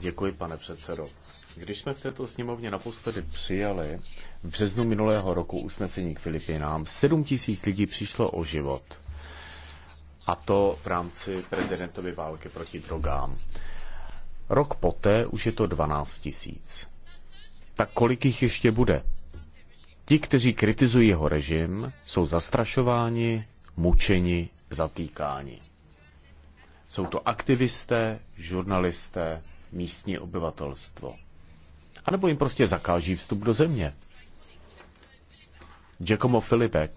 Děkuji, pane předsedající Když jsme v této sněmovně naposledy přijali v březnu minulého roku usnesení k Filipínám 7 tisíc lidí přišlo o život. A to v rámci prezidentovy války proti drogám. Rok poté už je to 12 tisíc. Tak kolik jich ještě bude? Ti, kteří kritizují jeho režim, jsou zastrašováni, mučeni, zatýkáni. Jsou to aktivisté, žurnalisté, místní obyvatelstvo. A nebo jim prostě zakáží vstup do země. Giacomo Filipe,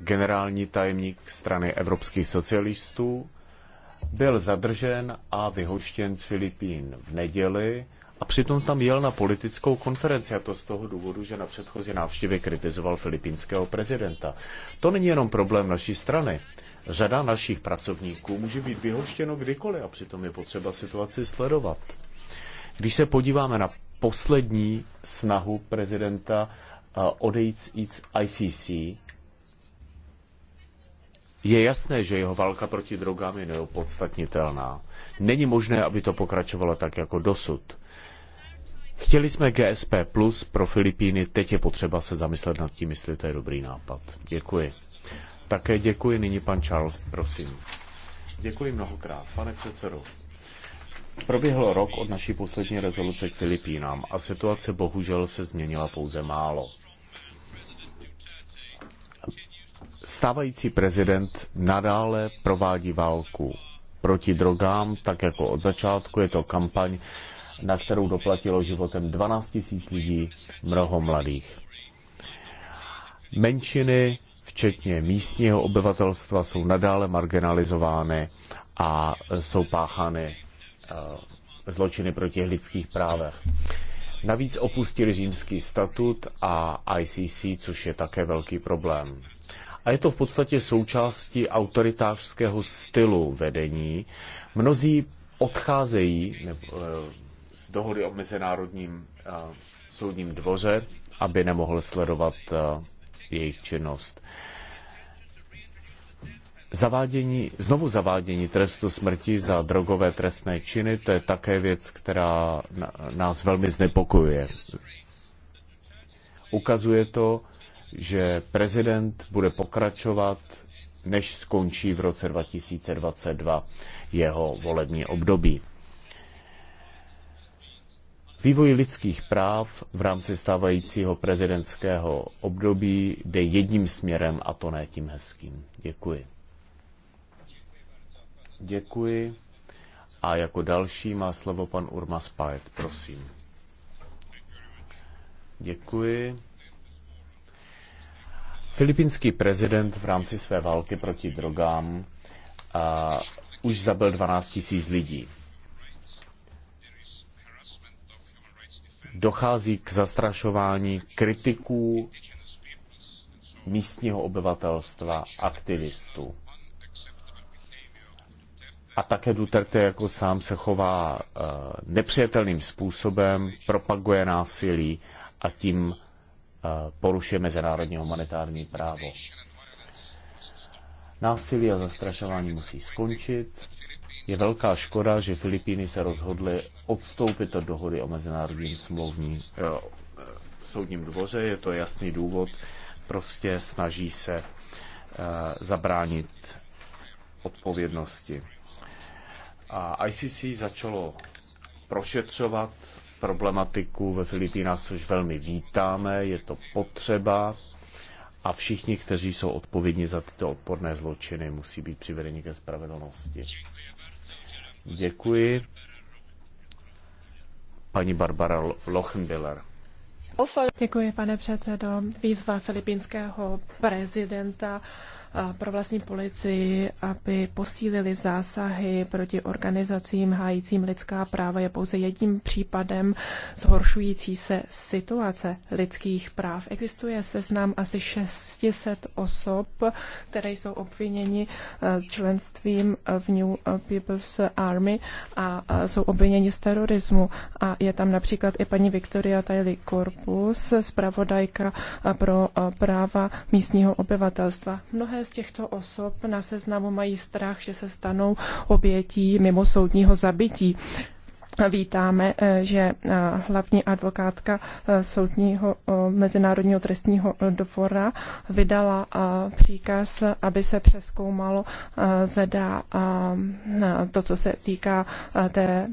generální tajemník strany evropských socialistů, byl zadržen a vyhoštěn z Filipín v neděli a přitom tam jel na politickou konferenci, a to z toho důvodu, že na předchozí návštěvě kritizoval filipínského prezidenta. To není jenom problém naší strany. Řada našich pracovníků může být vyhoštěno kdykoliv a přitom je potřeba situaci sledovat. Když se podíváme na poslední snahu prezidenta odejít z ICC, je jasné, že jeho válka proti drogám je neopodstatnitelná. Není možné, aby to pokračovalo tak jako dosud. Chtěli jsme GSP Plus pro Filipíny, teď je potřeba se zamyslet nad tím, jestli to je dobrý nápad. Děkuji. Také děkuji, nyní pan Charles, prosím. Děkuji mnohokrát, pane předsedo. Proběhl rok od naší poslední rezoluce k Filipínám a situace bohužel se změnila pouze málo. Stávající prezident nadále provádí válku proti drogám, tak jako od začátku je to kampaň, na kterou doplatilo životem 12 000 lidí, mnoho mladých. Menšiny, včetně místního obyvatelstva, jsou nadále marginalizovány a jsou páchány eh, zločiny proti lidských právech. Navíc opustili římský statut a ICC, což je také velký problém. A je to v podstatě součástí autoritářského stylu vedení. Mnozí odcházejí, nebo, eh, z dohody o mezinárodním eh, soudním dvoře, aby nemohl sledovat eh, jejich činnost. Zavádění, znovu zavádění trestu smrti za drogové trestné činy, to je také věc, která nás velmi znepokojuje. Ukazuje to, že prezident bude pokračovat, než skončí v roce 2022 jeho volební období. Vývoj lidských práv v rámci stávajícího prezidentského období jde jedním směrem a to ne tím hezkým. Děkuji. Děkuji. A jako další má slovo pan Urma Spajet, prosím. Děkuji. Filipínský prezident v rámci své války proti drogám a, už zabil 12 000 lidí. dochází k zastrašování kritiků místního obyvatelstva, aktivistů. A také Duterte jako sám se chová eh, nepřijatelným způsobem, propaguje násilí a tím eh, porušuje mezinárodní humanitární právo. Násilí a zastrašování musí skončit. Je velká škoda, že Filipíny se rozhodly odstoupit od dohody o mezinárodním smlouvním eh, soudním dvoře. Je to jasný důvod. Prostě snaží se eh, zabránit odpovědnosti. A ICC začalo prošetřovat problematiku ve Filipínách, což velmi vítáme, je to potřeba a všichni, kteří jsou odpovědní za tyto odporné zločiny, musí být přivedeni ke spravedlnosti. Děkuji. Paní Barbara Lochenbiller. Děkuji, pane předsedo. Výzva filipínského prezidenta eh, pro vlastní policii, aby posílili zásahy proti organizacím hájícím lidská práva, je pouze jedním případem zhoršující se situace lidských práv. Existuje seznam asi 600 osob, které jsou obviněni eh, členstvím v New People's Army a eh, jsou obviněni z terorismu. A je tam například i paní Victoria Tajli Korp Bus, zpravodajka pro eh, práva místního obyvatelstva. Mnohé z těchto osob na seznamu mají strach, že se stanou obětí mimosoudního zabití. Vítáme, eh, že eh, hlavní advokátka eh, soudního Mezinárodního trestního dvora vydala příkaz, aby se přeskoumalo, zda to, co se týká té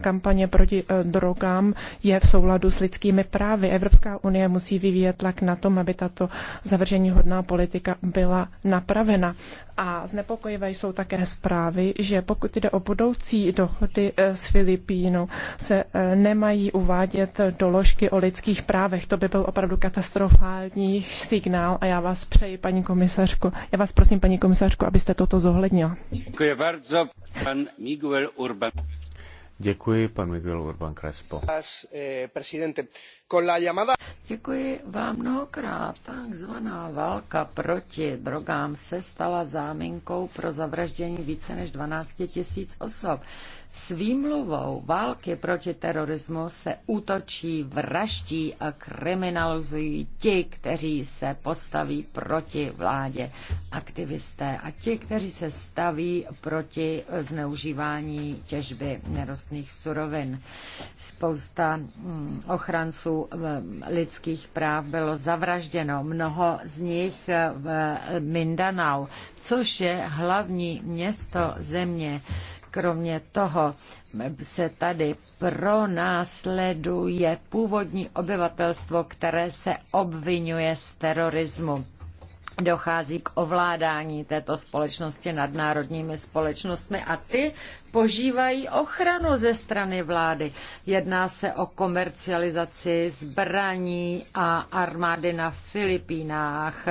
kampaně proti drogám, je v souladu s lidskými právy. Evropská unie musí vyvíjet tlak na tom, aby tato zavržení hodná politika byla napravena. A znepokojivé jsou také zprávy, že pokud jde o budoucí dohody s Filipí, Londýnu se eh, nemají uvádět doložky o lidských právech. To by byl opravdu katastrofální signál a já vás přeji, paní komisařko, já vás prosím, paní komisařko, abyste toto zohlednila. Děkuji bardzo, pan Miguel Urban. Děkuji, pan Miguel Urban Crespo. Děkuji vám mnohokrát. Takzvaná válka proti drogám se stala záminkou pro zavraždění více než 12 tisíc osob. S výmluvou války proti terorismu se útočí, vraždí a kriminalizují ti, kteří se postaví proti vládě, aktivisté a ti, kteří se staví proti zneužívání těžby nerostných nerostných surovin. Spousta mm, ochranců eh, lidských práv bylo zavražděno, mnoho z nich eh, v Mindanao, což je hlavní město země. Kromě toho se tady pronásleduje původní obyvatelstvo, které se obvinuje z terorismu dochází k ovládání této společnosti nadnárodními společnostmi a ty požívají ochranu ze strany vlády. Jedná se o komercializaci zbraní a armády na Filipínách.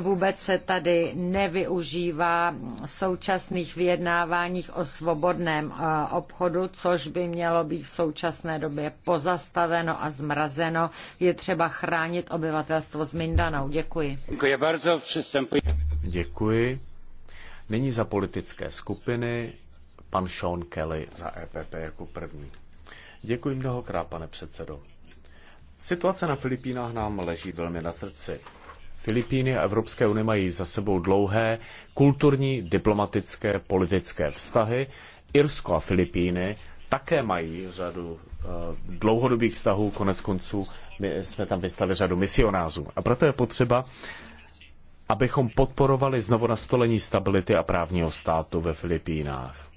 Vůbec se tady nevyužívá současných vyjednáváních o svobodném eh, obchodu, což by mělo být v současné době pozastaveno a zmrazeno. Je třeba chránit obyvatelstvo z Mindanou. Děkuji. Děkuji bardzo. Děkuji. Nyní za politické skupiny pan Sean Kelly za EPP jako první. Děkuji mnohokrát, pane předsedo. Situace na Filipínách nám leží velmi na srdci. Filipíny a Evropské unie mají za sebou dlouhé kulturní, diplomatické, politické vztahy. Irsko a Filipíny také mají řadu eh, dlouhodobých vztahů, konec konců my jsme tam vystavili řadu misionářů. A proto je potřeba, abychom podporovali znovu nastolení stability a právního státu ve Filipínách.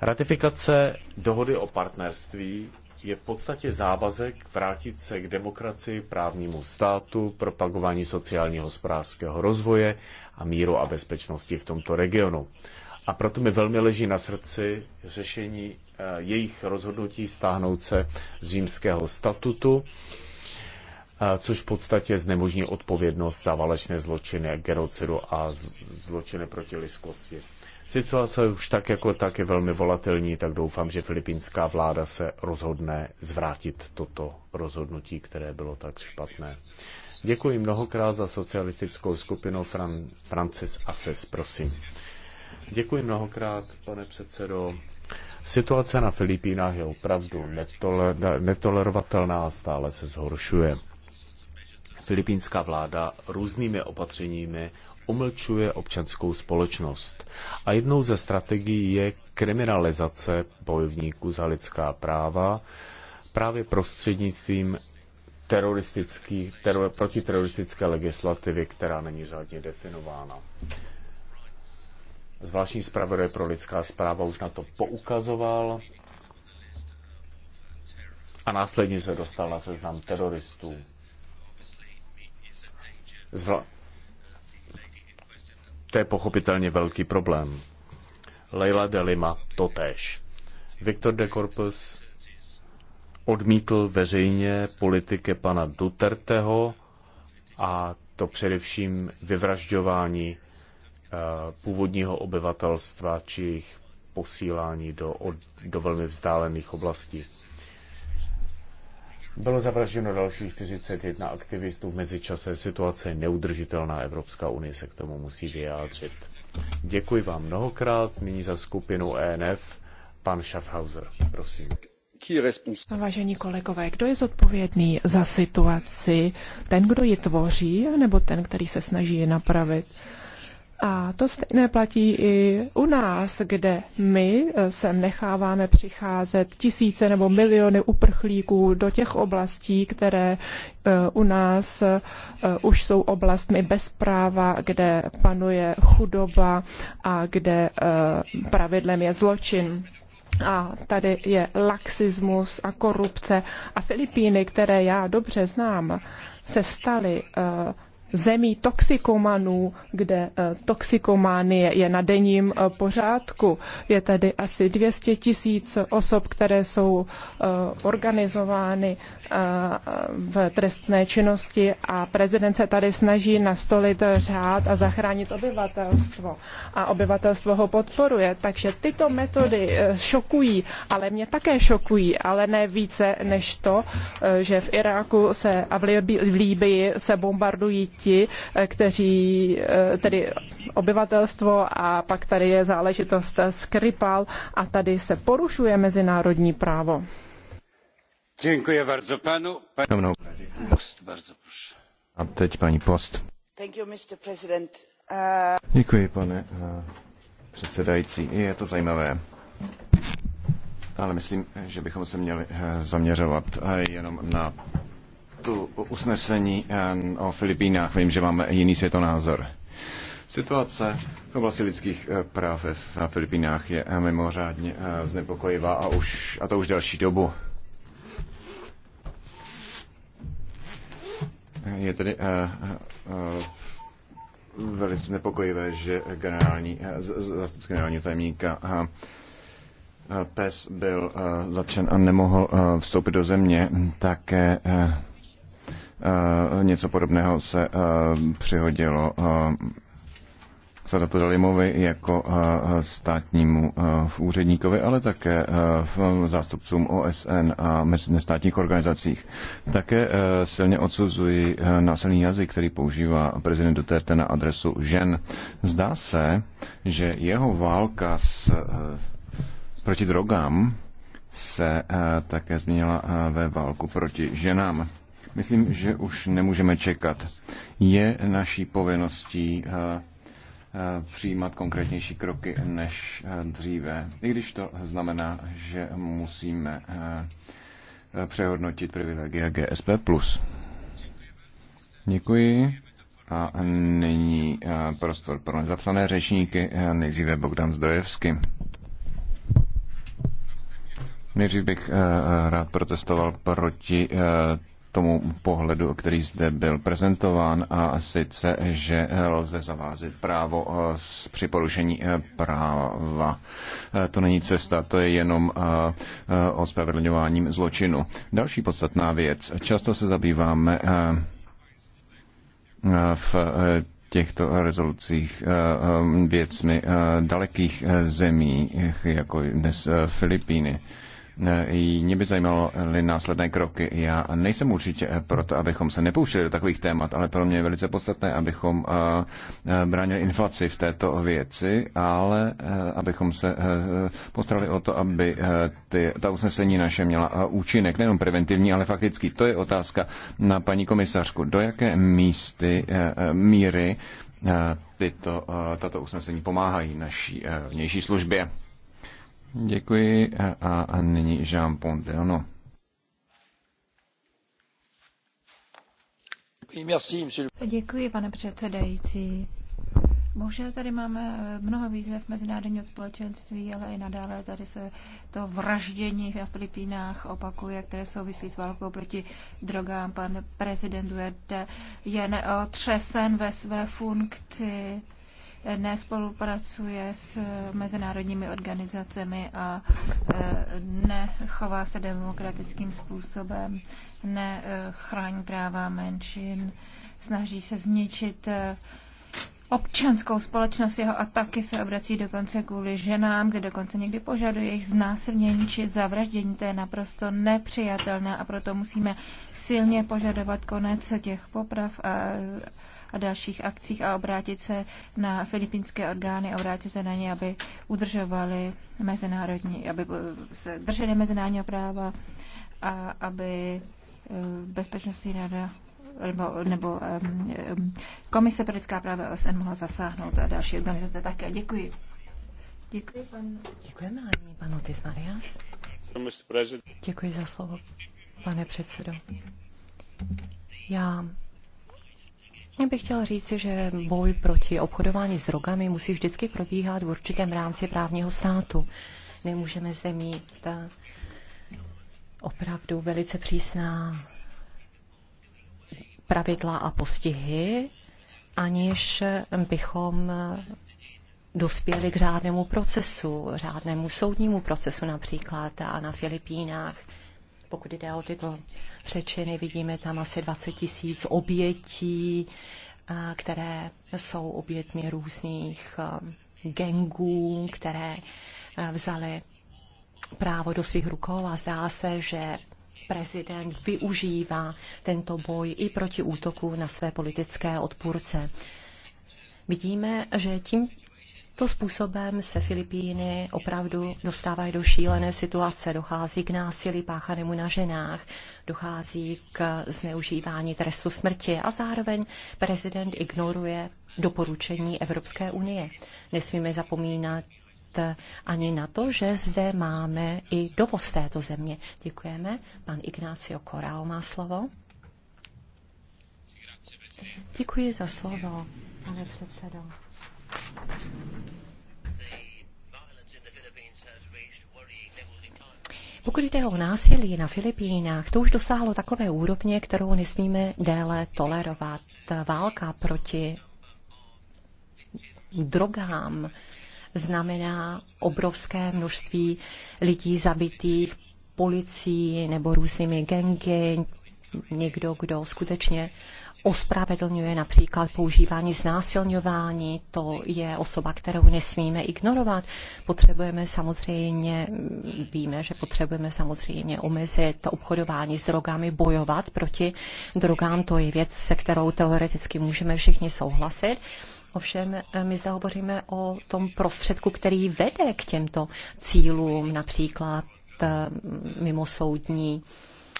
Ratifikace dohody o partnerství je v podstatě závazek vrátit se k demokracii, právnímu státu, propagování sociálního hospodářského rozvoje a míru a bezpečnosti v tomto regionu. A proto mi velmi leží na srdci řešení eh, jejich rozhodnutí stáhnout se z římského statutu, eh, což v podstatě znemožní odpovědnost za válečné zločiny, genocidu a zločiny proti lidskosti. Situace už tak jako tak je velmi volatilní, tak doufám, že filipínská vláda se rozhodne zvrátit toto rozhodnutí, které bylo tak špatné. Děkuji mnohokrát za socialistickou skupinu Fran- Francis Assis, prosím. Děkuji mnohokrát, pane předsedo. Situace na Filipínách je opravdu netoler- netolerovatelná a stále se zhoršuje. Filipínská vláda různými opatřeními umlčuje občanskou společnost. A jednou ze strategií je kriminalizace bojovníků za lidská práva právě prostřednictvím teroristický, teror, protiteroristické legislativy, která není řádně definována. Zvláštní zpravodaj pro lidská zpráva už na to poukazoval a následně se dostal na seznam teroristů. Zvla- to je pochopitelně velký problém. Leila de Lima tež. Viktor de Corpus odmítl veřejně politiky pana Duterteho a to především vyvražďování eh, původního obyvatelstva či jejich posílání do, do velmi vzdálených oblastí. Bylo zavražděno dalších 41 aktivistů. V mezičase situace je neudržitelná. Evropská unie se k tomu musí vyjádřit. Děkuji vám mnohokrát. Nyní za skupinu ENF pan Schaffhauser. Prosím. Vážení kolegové, kdo je zodpovědný za situaci? Ten, kdo ji tvoří, nebo ten, který se snaží ji napravit? A to stejné platí i u nás, kde my eh, sem necháváme přicházet tisíce nebo miliony uprchlíků do těch oblastí, které eh, u nás eh, už jsou oblastmi bezpráva, kde panuje chudoba a kde pravidlem je zločin. A tady je laxismus a korupce. A Filipíny, které já dobře znám, se staly uh, zemí toxikomanů, kde eh, toxikománie je na denním eh, pořádku. Je tedy asi 200 tisíc osob, které jsou eh, organizovány v trestné činnosti a prezident se tady snaží nastolit řád a zachránit obyvatelstvo. A obyvatelstvo ho podporuje. Takže tyto metody šokují, ale mě také šokují, ale ne více než to, že v Iráku se a v Líbii se bombardují ti, eh, kteří, eh, tedy obyvatelstvo a pak tady je záležitost eh, Skripal a tady se porušuje mezinárodní právo. Děkuji bardzo panu. Pani... Post, bardzo proszę. A teď paní Post. You, uh... Děkuji, pane uh, předsedající. Je to zajímavé. Ale myslím, že bychom se měli zaměřovat jenom na textu usnesení eh, o Filipínách. Vím, že máme jiný světonázor. Situace v oblasti lidských eh, práv na Filipínách je eh, mimořádně znepokojivá a, už, a to už další dobu. Je tedy velice znepokojivé, že generální, z, generálního tajemníka PES byl zatčen a nemohl vstoupit do země, také Eh, něco podobného se eh, přihodilo eh, Sadatu Dalimovi jako státnímu úředníkovi, ale také v zástupcům OSN a nestátních organizacích. Také silně odsuzuji násilný jazyk, který používá prezident Duterte na adresu žen. Zdá se, že jeho válka s, proti drogám se také změnila ve válku proti ženám. Myslím, že už nemůžeme čekat. Je naší povinností eh, eh, přijímat konkrétnější kroky než eh, dříve. I když to znamená, že musíme přehodnotit privilegia GSP+. Děkuji. A nyní prostor pro nezapsané řečníky, nejdříve Bogdan Zdrojevsky. Nejdřív bych rád protestoval proti tomu pohledu, který zde byl prezentován, a sice, že lze zavázit právo eh, s porušení eh, práva. Eh, to není cesta, to je jenom ospravedlňováním zločinu. Další podstatná věc. Často se zabýváme v těchto rezolucích věcmi dalekých zemí, jako dnes Filipíny. E, mě by zajímalo následné kroky. Já nejsem určitě proto, abychom se nepouštěli do takových témat, ale pro mě je velice podstatné, abychom e, e, bránili inflaci v této věci, ale abychom se postarali o to, aby ty, ta usnesení naše měla účinek, nejenom preventivní, ale faktický. To je otázka na paní komisařku. Do jaké místy, míry tyto, tato usnesení pomáhají naší vnější službě? Děkuji a, a nyní Jean Pondelano. Děkuji, pane předsedající. Bohužel tady máme eh, mnoho výzev mezinárodního společenství, ale i nadále tady se to vraždění v Filipínách opakuje, které souvisí s válkou proti drogám. Pan prezident Duterte je neotřesen ve své funkci nespolupracuje s mezinárodními organizacemi a e, nechová se demokratickým způsobem, nechrání práva menšin, snaží se zničit e, občanskou společnost. Jeho ataky se obrací dokonce kvůli ženám, kde dokonce někdy požaduje jejich znásilnění či zavraždění. To je naprosto nepřijatelné a proto musíme silně požadovat konec těch poprav a a dalších akcích a obrátit se na filipínské orgány a obrátit se na ně, aby udržovali mezinárodní, aby se drželi mezinárodního práva a aby eh, bezpečnostní rada nebo, nebo um, Komise pro lidská práva OSN mohla zasáhnout a další organizace také. Děkuji. Děkuji, pan... Děkujeme, ani pan Otis Marias. Děkuji za slovo, pane předsedo. Já já bych chtěla říct, že boj proti obchodování s drogami musí vždycky probíhat v určitém rámci právního státu. Nemůžeme zde mít eh, opravdu velice přísná pravidla a postihy, aniž bychom eh, dospěli k řádnému procesu, řádnému soudnímu procesu například a na Filipínách pokud jde o tyto přečiny, vidíme tam asi 20 tisíc obětí, které jsou obětmi různých gengů, které vzali právo do svých rukou a zdá se, že prezident využívá tento boj i proti útoku na své politické odpůrce. Vidíme, že tím to způsobem se Filipíny opravdu dostávají do šílené situace. Dochází k násilí páchanému na ženách, dochází k zneužívání trestu smrti a zároveň prezident ignoruje doporučení Evropské unie. Nesmíme zapomínat ani na to, že zde máme i dovoz této země. Děkujeme. Pan Ignácio Korao má slovo. Děkuji za slovo, pane předsedo. Pokud jde o násilí na Filipínách, to už dosáhlo takové úrovně, kterou nesmíme déle tolerovat. Válka proti drogám znamená obrovské množství lidí zabitých policií nebo různými gengy, někdo, kdo skutečně ospravedlňuje například používání znásilňování, to je osoba, kterou nesmíme ignorovat. Potřebujeme samozřejmě, víme, že potřebujeme samozřejmě omezit obchodování s drogami, bojovat proti drogám, to je věc, se kterou teoreticky můžeme všichni souhlasit. Ovšem, my zde hovoříme o tom prostředku, který vede k těmto cílům, například eh, mimosoudní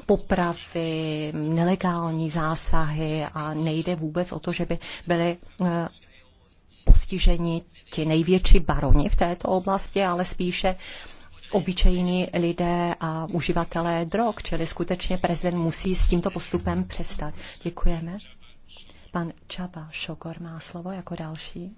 popravy, nelegální zásahy a nejde vůbec o to, že by byly eh, postiženi ti největší baroni v této oblasti, ale spíše obyčejní lidé a uživatelé drog, čili skutečně prezident musí s tímto postupem přestat. Děkujeme. Pan Čaba Šokor má slovo jako další.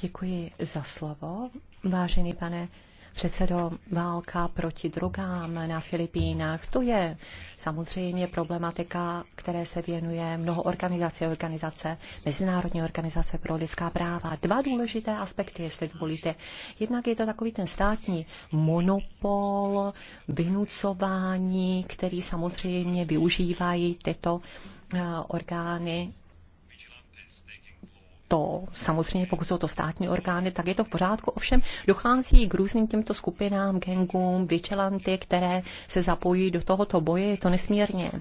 Děkuji za slovo, vážený pane předsedo, válka proti drogám na Filipínách, to je samozřejmě problematika, které se věnuje mnoho organizací, organizace, Mezinárodní organizace pro lidská práva. Dva důležité aspekty, jestli dovolíte. Jednak je to takový ten státní monopol, vynucování, který samozřejmě využívají tyto eh, orgány to samozřejmě, pokud jsou to státní orgány, tak je to v pořádku. Ovšem dochází k různým těmto skupinám, gangům, vyčelanty, které se zapojí do tohoto boje. Je to nesmírně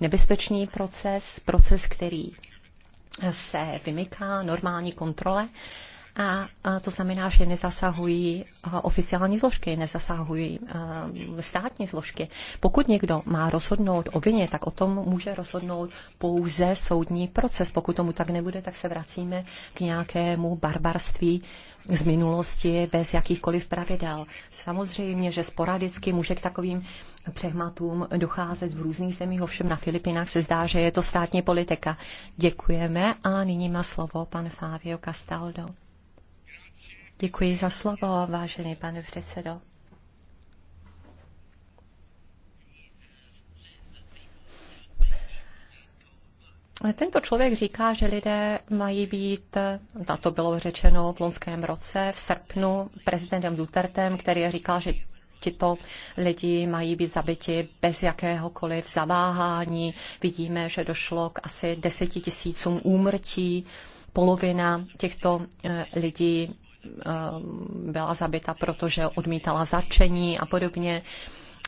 nebezpečný proces, proces, který se vymyká normální kontrole a, a to znamená, že nezasahují oficiální složky, nezasahují státní složky. Pokud někdo má rozhodnout o vině, tak o tom může rozhodnout pouze soudní proces. Pokud tomu tak nebude, tak se vracíme k nějakému barbarství z minulosti bez jakýchkoliv pravidel. Samozřejmě, že sporadicky může k takovým přehmatům docházet v různých zemích, ovšem na Filipinách se zdá, že je to státní politika. Děkujeme a nyní má slovo pan Fávio Castaldo. Děkuji za slovo, vážený pane předsedo. Tento člověk říká, že lidé mají být, na to bylo řečeno v loňském roce, v srpnu prezidentem Dutertem, který říkal, že tito lidi mají být zabiti bez jakéhokoliv zaváhání. Vidíme, že došlo k asi deseti tisícům úmrtí. Polovina těchto eh, lidí Eh, byla zabita, protože odmítala zatčení a podobně.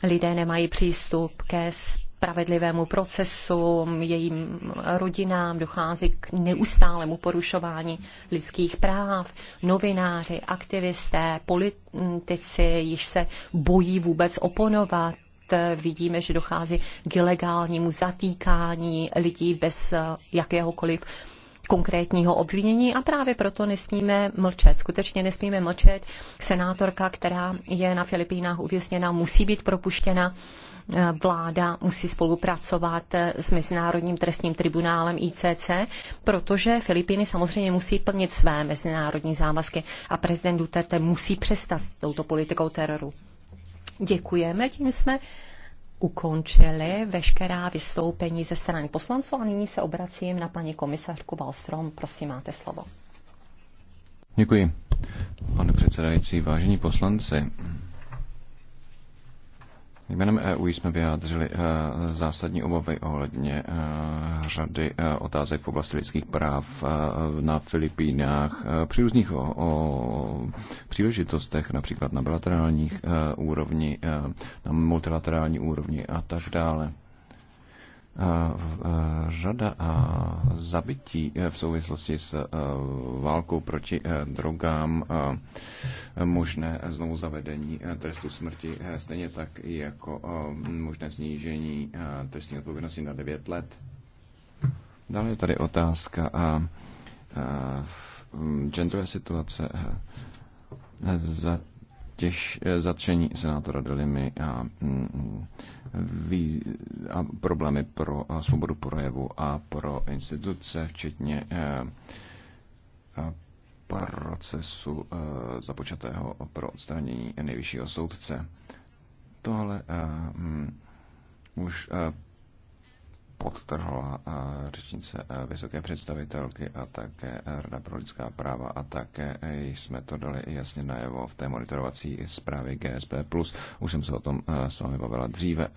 Lidé nemají přístup ke spravedlivému procesu, jejím rodinám dochází k neustálému porušování lidských práv. Novináři, aktivisté, politici již se bojí vůbec oponovat vidíme, že dochází k ilegálnímu zatýkání lidí bez eh, jakéhokoliv konkrétního obvinění a právě proto nesmíme mlčet. Skutečně nesmíme mlčet. Senátorka, která je na Filipínách uvězněna, musí být propuštěna vláda musí spolupracovat s Mezinárodním trestním tribunálem ICC, protože Filipíny samozřejmě musí plnit své mezinárodní závazky a prezident Duterte musí přestat s touto politikou teroru. Děkujeme, tím jsme ukončili veškerá vystoupení ze strany poslanců a nyní se obracím na paní komisařku Balstrom. Prosím, máte slovo. Děkuji. Pane předsedající, vážení poslanci, Jménem EU jsme vyjádřili eh, zásadní obavy ohledně eh, řady eh, otázek v oblasti lidských práv na Filipínách při různých o, o příležitostech, například na bilaterálních úrovni, na multilaterální úrovni a tak dále řada zabití e, v souvislosti s e, válkou proti e, drogám, možné znovu zavedení trestu smrti, stejně tak jako možné snížení trestní odpovědnosti na 9 let. Dále je tady otázka a genderové situace. Za zatěž, eh, zatření senátora Delimy a, mm, mm, a problémy pro svobodu projevu a pro instituce, včetně eh, procesu eh, započatého pro odstranění nejvyššího soudce. Tohle mm, už podtrhla eh, řečnice eh, vysoké představitelky a také eh, Rada pro lidská práva a také jsme to dali jasně najevo v té monitorovací zprávě GSP+. Už jsem se o tom s vámi bavila dříve.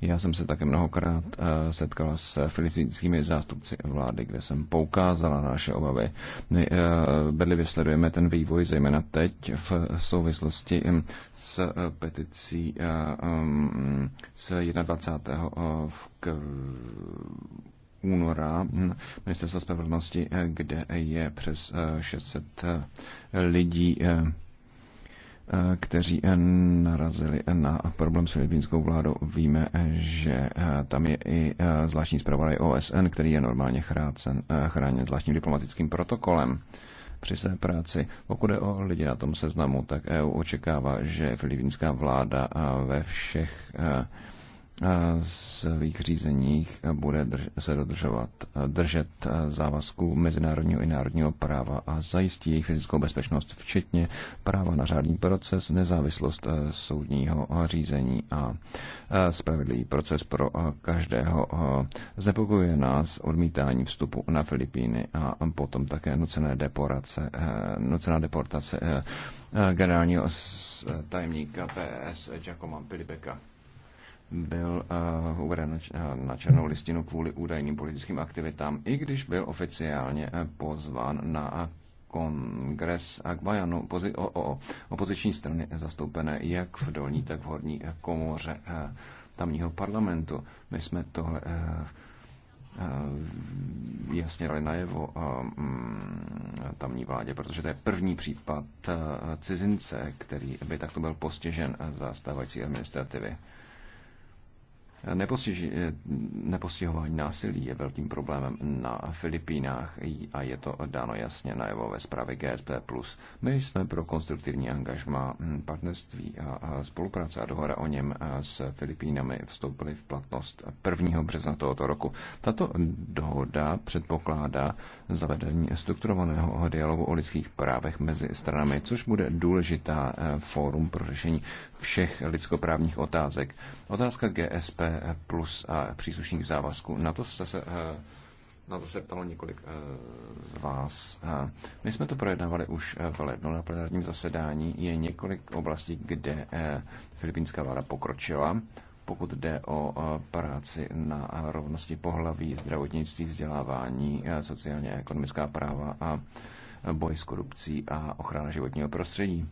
Já jsem se také mnohokrát eh, setkala s filipínskými zástupci vlády, kde jsem poukázala na naše obavy. My eh, bedlivě sledujeme ten vývoj, zejména teď v souvislosti eh, s peticí z 21. února ministerstva spravedlnosti, kde je přes 600 lidí kteří eh, narazili na problém s filipínskou vládou. Víme, že eh, tam je i eh, zvláštní zpravodaj OSN, který je normálně chrácen, chráněn zvláštním diplomatickým protokolem při své práci. Pokud je o lidi na tom seznamu, tak EU očekává, že filipínská vláda ve všech svých řízeních bude se dodržovat, držet závazku mezinárodního i národního práva a zajistí jejich fyzickou bezpečnost, včetně práva na řádný proces, nezávislost e, soudního e, řízení a e, spravedlivý proces pro každého. Znepokojuje nás odmítání vstupu na Filipíny a potom také nucené deporace, nucená deportace generálního tajemníka PS Giacomo Pilibeka byl uh, uveden eh, na černou listinu kvůli údajným politickým aktivitám, i když byl oficiálně eh, pozván na kongres Akbajanu pozi- o, o, opoziční strany zastoupené jak v dolní, tak v horní komoře uh, tamního parlamentu. My jsme tohle uh, jasně dali najevo mm, tamní vládě, protože to je první případ cizince, který by takto byl postižen za stávající administrativy. Nepostiži, eh, nepostihování násilí je velkým problémem na Filipínách a je to dáno jasně najevo ve zprávě GSP+. My jsme pro konstruktivní angažma hm, partnerství a spolupráce a dohoda o něm eh, s Filipínami vstoupily v platnost 1. března tohoto roku. Tato dohoda předpokládá zavedení strukturovaného dialogu o lidských právech mezi stranami, což bude důležitá eh, fórum pro řešení všech lidskoprávních otázek. Otázka GSP plus a příslušných závazků. Na to se, se eh, na to se ptalo několik eh, z vás. Eh, my jsme to projednávali už v lednu na plenárním zasedání. Je několik oblastí, kde filipínská vláda pokročila, pokud jde o práci na rovnosti pohlaví, zdravotnictví, vzdělávání, sociálně a ekonomická práva a boj s korupcí a ochrana životního prostředí.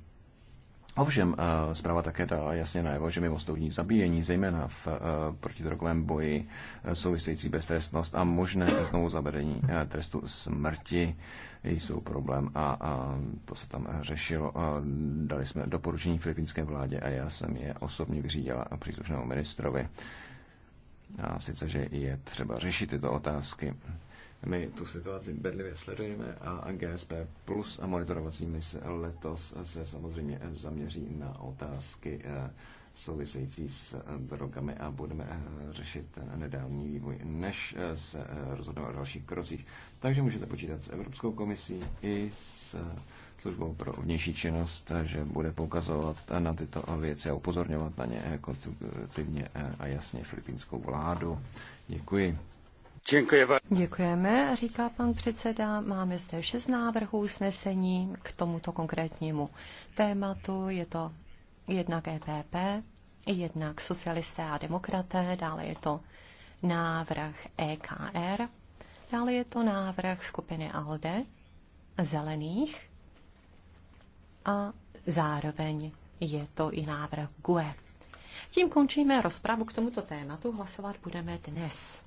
Ovšem, eh, zpráva také dá jasně najevo, že mimo mimostoudní zabíjení, zejména v eh, protidrogovém boji, eh, související beztrestnost a možné znovu zavedení trestu smrti jsou problém a, to se tam řešilo. Dali jsme doporučení filipínské vládě a já jsem je osobně vyřídila a příslušnému ministrovi. A sice, že je třeba řešit tyto otázky. My tu situaci bedlivě sledujeme a GSP plus a monitorovací mise letos se samozřejmě zaměří na otázky eh, související s eh, drogami a budeme eh, řešit ten nedávný vývoj, než se rozhodneme o dalších krocích. Takže můžete počítat s Evropskou komisí i s službou pro vnější činnost, že bude poukazovat na tyto věci a upozorňovat na ně konstruktivně a jasně filipínskou vládu. Děkuji. Děkujeme. říká pan předseda. Máme zde šest návrhů usnesení k tomuto konkrétnímu tématu. Je to jednak EPP, jednak socialisté a demokraté, dále je to návrh EKR, dále je to návrh skupiny ALDE, zelených a zároveň je to i návrh GUE. Tím končíme rozpravu k tomuto tématu. Hlasovat budeme dnes.